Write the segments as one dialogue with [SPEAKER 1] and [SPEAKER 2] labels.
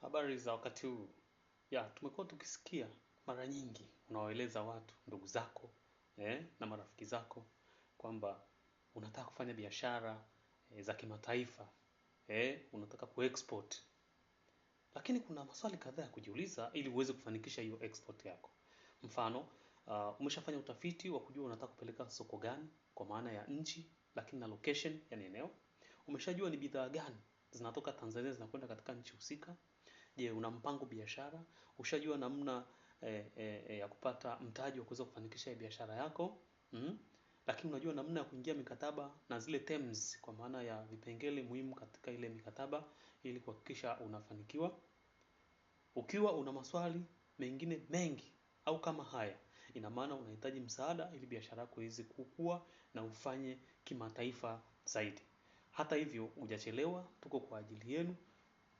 [SPEAKER 1] Habari za wakati huu. Ya, tumekuwa tukisikia mara nyingi unawaeleza watu, ndugu zako eh, na marafiki zako kwamba unataka kufanya biashara eh, za kimataifa eh, unataka kuexport, lakini kuna maswali kadhaa ya kujiuliza ili uweze kufanikisha hiyo export yako. Mfano, uh, umeshafanya utafiti wa kujua unataka kupeleka soko gani kwa maana ya nchi, lakini na location, yani eneo. Umeshajua ni bidhaa gani zinatoka Tanzania zinakwenda katika nchi husika Je, una mpango biashara? Ushajua namna e, e, ya kupata mtaji wa kuweza kufanikisha biashara yako? Mm? Lakini unajua namna ya kuingia mikataba na zile terms kwa maana ya vipengele muhimu katika ile mikataba ili kuhakikisha unafanikiwa. Ukiwa una maswali mengine mengi au kama haya, ina maana unahitaji msaada ili biashara yako iweze kukua na ufanye kimataifa zaidi. Hata hivyo, hujachelewa, tuko kwa ajili yenu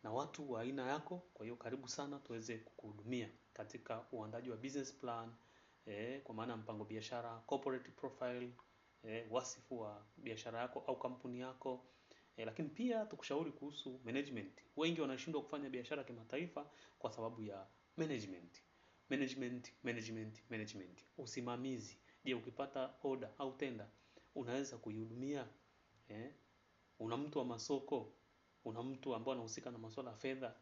[SPEAKER 1] na watu wa aina yako. Kwa hiyo karibu sana tuweze kukuhudumia katika uandaji wa business plan eh, kwa maana ya mpango biashara, corporate profile eh, wasifu wa biashara yako au kampuni yako eh, lakini pia tukushauri kuhusu management. Wengi wanashindwa kufanya biashara kimataifa kwa sababu ya management management management management, usimamizi. Je, ukipata oda au tenda unaweza kuihudumia eh? Una mtu wa masoko una mtu ambaye anahusika na masuala ya fedha